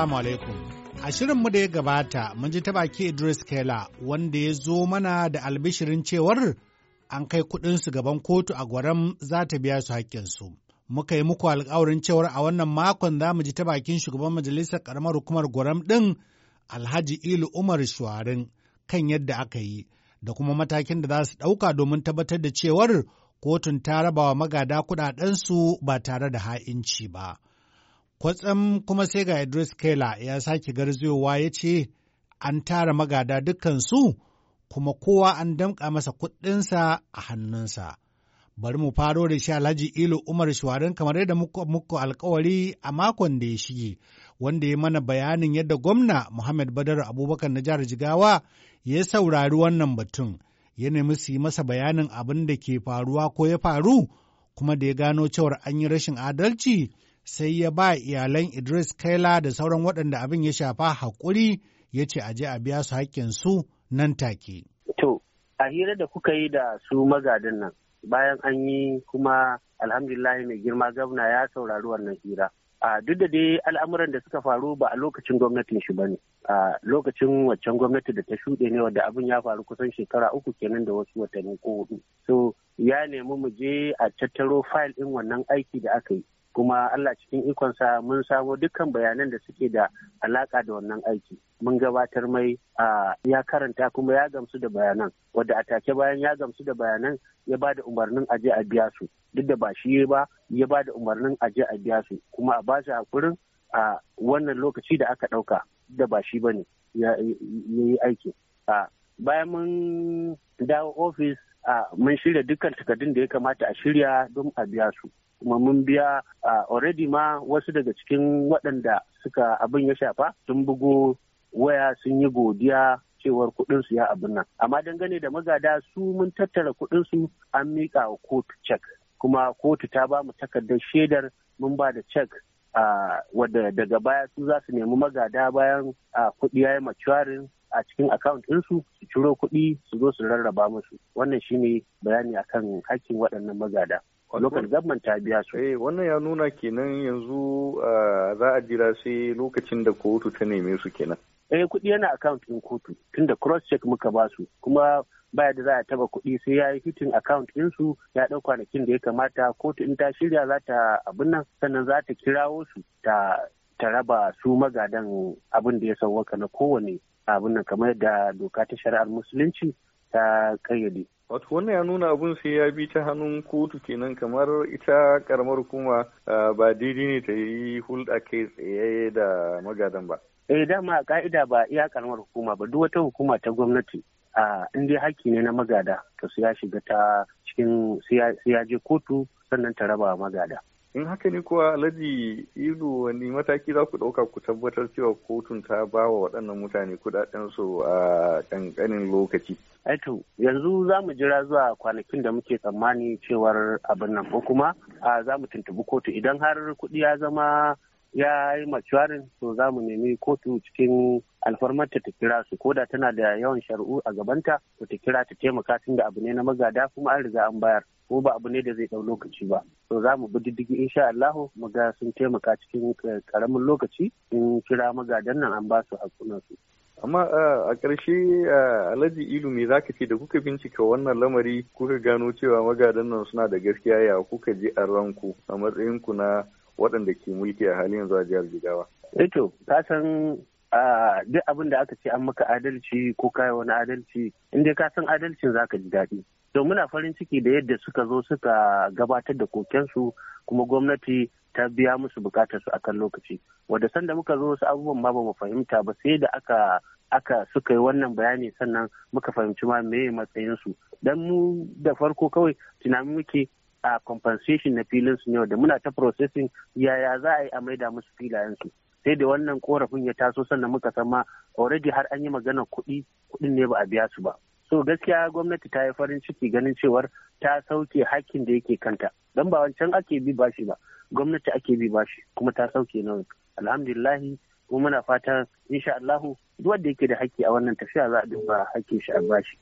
Assalamu alaikum. A shirinmu da ya gabata, mun ji ta baki Idris Kela wanda ya zo mana da albishirin cewar an kai kudinsu gaban kotu a gwaram za ta biya su haƙƙinsu. Muka yi muku alƙawarin cewar a wannan makon za mu ji ta bakin shugaban majalisar ƙaramar hukumar gwaram ɗin Alhaji Ilu Umar Shuwarin kan yadda aka yi da kuma matakin da za su ɗauka domin tabbatar da cewar kotun ta rabawa magada kuɗaɗensu ba tare da ha'inci ba. Kwatsam kuma sai ga Idris Kela ya sake garzayowa, ya ce an tara magada dukansu kuma kowa an damƙa masa kuɗinsa a hannunsa. Bari mu faro da shi Alhaji Ilo Umar Shuwarin kamar yadda muku alkawari a makon da ya shige, wanda ya mana bayanin yadda gwamna Muhammad Badar Abubakar na jihar Jigawa ya saurari wannan batun, ya nemi su yi masa bayanin abin da ke faruwa ko ya faru, kuma da ya gano cewar an yi rashin adalci. sai ya ba iyalan Idris Kaila da sauran waɗanda abin ya shafa haƙuri ya ce a je a biya su haƙƙinsu nan take. To, a hira da kuka yi da su magadin nan bayan an yi kuma alhamdulillah mai girma gwamna ya saurari wannan hira. A duk da dai al'amuran da suka faru ba a lokacin gwamnatin shi ba ne, a lokacin waccan gwamnati da ta shuɗe ne wadda abin ya faru kusan shekara uku kenan da wasu watanni ko hudu. So ya nemi mu je a tattaro fayil ɗin wannan aiki da aka yi. kuma Allah cikin ikonsa mun samo dukkan bayanan da suke da alaka da wannan aiki mun gabatar mai ya karanta kuma ya gamsu da bayanan wadda a take bayan ya gamsu da bayanan ya ba da umarnin aje a biya su duk da ba shi ba ya ba da umarnin aje a biya su kuma a ba shi hakurin a wannan lokaci da aka ɗauka da ba shi ba ne ya yi aiki bayan mun dawo ofis mun shirya dukkan takardun da ya kamata a shirya don a biya su kuma mun biya already ma wasu daga cikin waɗanda suka abin ya shafa sun bugo waya sun yi godiya cewar kuɗin su ya abin nan amma dangane da magada su mun tattara kuɗin su an miƙa wa kotu cek kuma kotu ta ba mu takardar shaidar mun ba da cek wadda daga baya su za su nemi magada bayan kuɗi ya yi maturing a cikin account ɗinsu su ciro kuɗi su zo su rarraba musu wannan shine bayani akan hakkin waɗannan magada lokal government ta biya su. Eh wannan ya nuna kenan yanzu ah, za a jira sai lokacin da kotu ta neme su kenan. Eh kuɗi yana account ɗin kotu tunda cross check muka ba su kuma baya da za a taba kuɗi sai ya yi hitin account ɗinsu ya ɗau kwanakin da ya kamata kotu in ta shirya za ta abin nan sannan za ta kirawo su ta ta raba su magadan abin da ya sauwaka na kowane abin nan kamar da doka ta shari'ar musulunci ta kayyade. Wato wannan ya nuna abun sai ya bi ta hannun kotu kenan kamar ita karamar hukuma ba daidai ne ta yi hulɗa kai tsaye da magadan ba. Eh dama a ka'ida ba iya karamar hukuma ba duk wata hukuma ta gwamnati a inda haƙƙi ne na magada to su ya shiga ta cikin su je kotu sannan ta raba magada. in haka ne kuwa alhaji ilu wani mataki za ku ɗauka ku tabbatar cewa kotun ta ba wa waɗannan mutane kuɗaɗen su a ƙanƙanin lokaci aito yanzu za mu jira zuwa kwanakin da muke tsammani cewar abin nan ko kuma za mu tuntubi kotu idan har kuɗi ya zama ya yi matuwarin to za mu nemi kotu cikin alfarmar ta ta kira su koda tana da yawan shari'u a gabanta ta kira ta taimaka tun da abu ne na magada kuma an riga an bayar ko ba abu ne da zai ɗau lokaci ba to za mu bi diddigi insha Allah mu ga sun taimaka cikin karamin eh, lokaci in kira magadan nan an ba su hakunan su amma eh, a ƙarshe eh, alhaji ilu me zaka ce da kuka bincika wannan lamari kuka gano cewa magadan nan suna da gaskiya ya kuka ji a ranku a matsayin ku na waɗanda ke mulki a halin yanzu a jihar jigawa eto ka san duk abin da aka ce an maka adalci ko kai wani adalci in dai ka san adalcin zaka ji daɗi to muna farin ciki da yadda suka zo suka gabatar da kokensu kuma gwamnati ta biya musu bukatar su kan lokaci wadda sanda muka zo wasu abubuwan ma ba mu fahimta ba sai da aka aka suka yi wannan bayani sannan muka fahimci ma meye matsayin su dan mu da farko kawai tunanin muke a compensation na filin su ne da muna ta processing yaya za a yi a maida musu filayen su sai da wannan korafin ya taso sannan muka san ma already har an yi magana kuɗi kuɗin ne ba a biya su ba so gaskiya gwamnati ta yi farin ciki ganin cewar ta sauke hakkin da yake kanta don ba wancan ake bi bashi ba gwamnati ake bi bashi kuma ta sauke nauyin alhamdulillahi kuma muna fatan insha Allahu duk wanda yake da haƙƙi a wannan tafiya za a duba haƙƙin shi a bashi.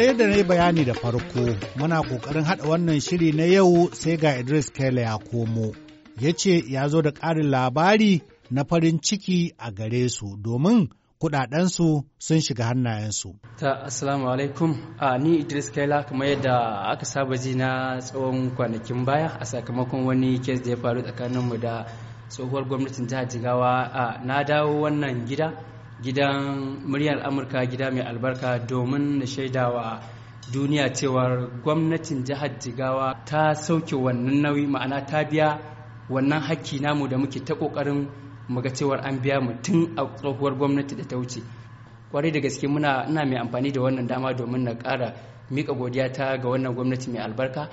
kamar yadda na yi bayani da farko muna kokarin haɗa wannan shiri na yau sai ga idris kela ya komo ya ce ya zo da ƙarin labari na farin ciki a gare su domin kudadensu sun shiga hannayensu. Ta assalamu alaikum a ni Idris Kaila kamar yadda aka saba ji na tsawon kwanakin baya a sakamakon wani kes da ya faru tsakaninmu da tsohuwar gwamnatin jihar Jigawa na dawo wannan gida gidan muryar amurka gida mai albarka domin na shaidawa duniya cewar gwamnatin jihar jigawa ta sauke wannan nauyi ma'ana ta biya wannan hakki namu da muke ta kokarin muga cewar an biya mu tun a tsohuwar gwamnati da ta wuce kwarai da gaske muna ina mai amfani da wannan dama domin na ƙara mika godiya ta ga wannan gwamnati mai albarka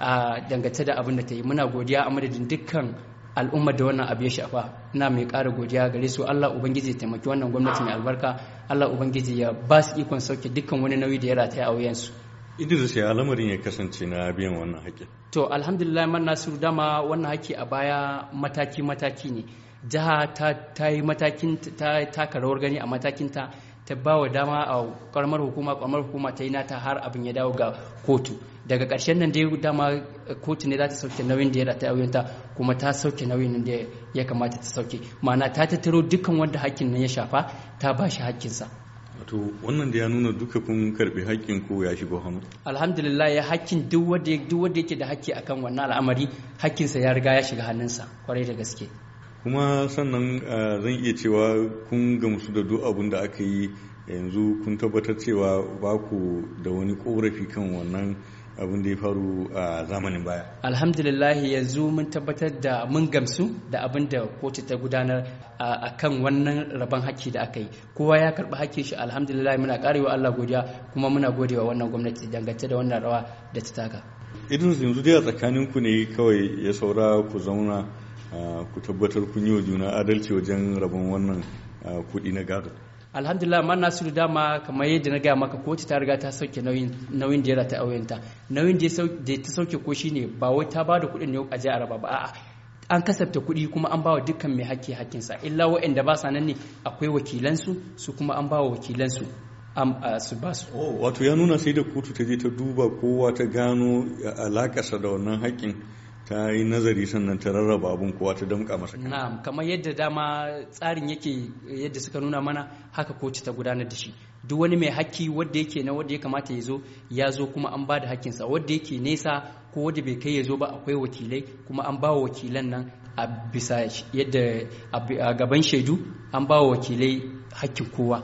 a dangace da abin da ta yi muna godiya a madadin dukkan al'ummar da wannan abu ya shafa na mai ƙara godiya gare su Allah ubangiji ya taimaki wannan gwamnati mai albarka Allah ubangiji ya ba su ikon sauke dukkan wani nauyi da ya rataya a wuyansu Idris ya lamarin ya kasance na biyan wannan haƙƙi to alhamdulillah man nasiru dama wannan haƙƙi a baya mataki mataki ne jiha ta yi matakin ta taka rawar gani a matakin ta. ta ba wa dama a karamar hukuma karamar hukuma ta yi nata har abin ya dawo ga kotu daga ƙarshen nan dai dama kotu ne za ta sauke nauyin da ya rata ta kuma ta sauke nauyin da ya kamata ta sauke ma'ana ta tattaro dukkan wanda hakkin nan ya shafa ta ba shi hakkinsa wato wannan da ya nuna duka kun karbi hakkin ko ya shigo hannu alhamdulillah ya hakkin duk wanda duk wanda yake da hakki akan wannan al'amari hakkinsa ya riga ya shiga hannunsa kwarai da gaske kuma sannan zan iya cewa kun gamsu da duk abin da aka yi yanzu kun tabbatar cewa ba ku da wani korafi kan wannan abin da ya faru a zamanin baya alhamdulillah yanzu mun tabbatar da mun gamsu da abin da kotu ta gudanar a kan wannan rabon haƙƙi da aka yi kowa ya karɓi haƙƙin shi alhamdulillah muna ƙarewa allah godiya kuma muna godewa wannan gwamnati dangance da wannan rawa da ta taka idan yanzu dai a tsakaninku ne kawai ya saura ku zauna ku tabbatar kun yi wa juna adalci wajen rabon wannan kuɗi na gado alhamdulillah man nasiru dama kamar yadda na gaya maka kotu ta riga ta sauke nauyin da ya ta auyenta nauyin da ta sauke ko shine ba wai ta bada kuɗin ne a je a ba a'a an kasafta kuɗi kuma an bawa dukkan mai hakki hakkinsa illa wa'anda ba sa nan ne akwai wakilansu su kuma an bawa wakilansu su ba su oh, wato ya nuna sai da kotu ta je ta duba kowa ta gano alakarsa da wannan haƙƙin ta yi nazari sannan ta rarraba abun kowa ta damka masa na'am kamar yadda dama tsarin yake yadda suka nuna mana haka kotu ta gudanar da shi duk wani mai haƙƙi wanda yake na wanda ya kamata ya zo ya zo kuma an ba da haƙƙinsa wanda yake nesa ko wanda bai kai ya zo ba akwai wakilai kuma an ba wa wakilan nan a bisa yadda a gaban shaidu an ba wa wakilai haƙƙin kowa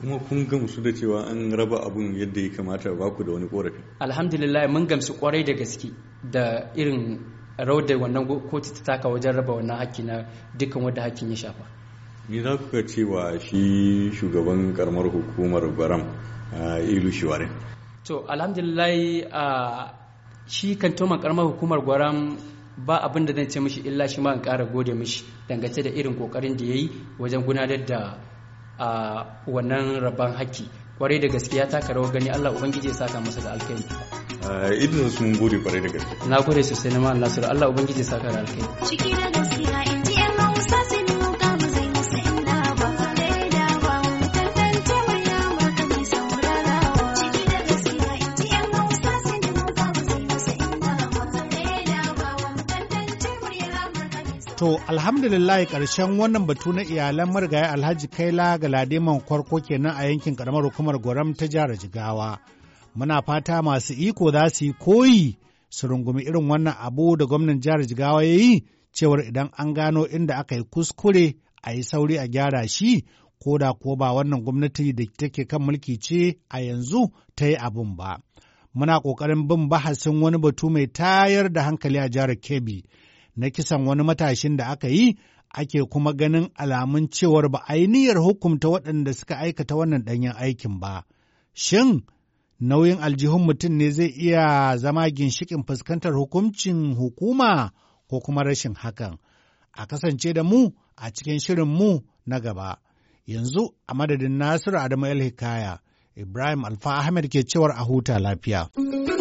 kuma kun gamsu da cewa an raba abun yadda ya kamata ba ku da wani korafi alhamdulillah mun gamsu kwarai da gaske da irin rawar da wannan kotu ta taka wajen raba wannan haƙƙi na dukkan wadda haƙƙin ya shafa Ni za ku ga cewa shi shugaban karamar hukumar baram eh, ilu shiware to alhamdulillah shi toman karamar hukumar gwaram ba abin da zan ce mishi illa shi ma in ƙara gode mishi dangace da irin ƙoƙarin da ya yi wajen gudanar da wannan rabon haƙƙi kwarai da gaskiya taka rawar gani allah ubangiji ya saka masa da alkhairi Eh, idin sun gode kwarai da gaske na gode sosai na ma Allah sura Allah ubangiji saka da alkai ciki da gaskiya in ji yan Hausa sun muka mu zai musu inda ba dai da ba mu tantance murya maka mai saurarawa ciki da gaskiya in ji yan Hausa sun muka mu zai musu inda ba dai da ba mu tantance murya maka mai saurarawa to alhamdulillah karshen wannan batu na iyalan marigayi Alhaji Kaila Galadiman Kwarko kenan a yankin karamar hukumar goram ta jihar Jigawa muna fata masu iko za su yi koyi su rungumi irin wannan abu da gwamnan jihar Jigawa ya yi cewar idan an gano inda aka yi kuskure a yi sauri a gyara shi ko da ko ba wannan gwamnati da take kan mulki ce a yanzu ta yi abin ba. Muna ƙoƙarin bin bahasin wani batu mai tayar da hankali a jihar Kebbi na kisan wani matashin da aka yi ake kuma ganin alamun cewar ba a yi niyyar hukumta waɗanda suka aikata wannan ɗanyen aikin ba. Shin nauyin aljihun mutum ne zai iya zama ginshikin fuskantar hukuncin hukuma ko kuma rashin hakan. A kasance da mu a cikin shirin mu na gaba. Yanzu a madadin Nasiru Adamu El Hikaya, Ibrahim Alfa Ahmed ke cewar a huta lafiya.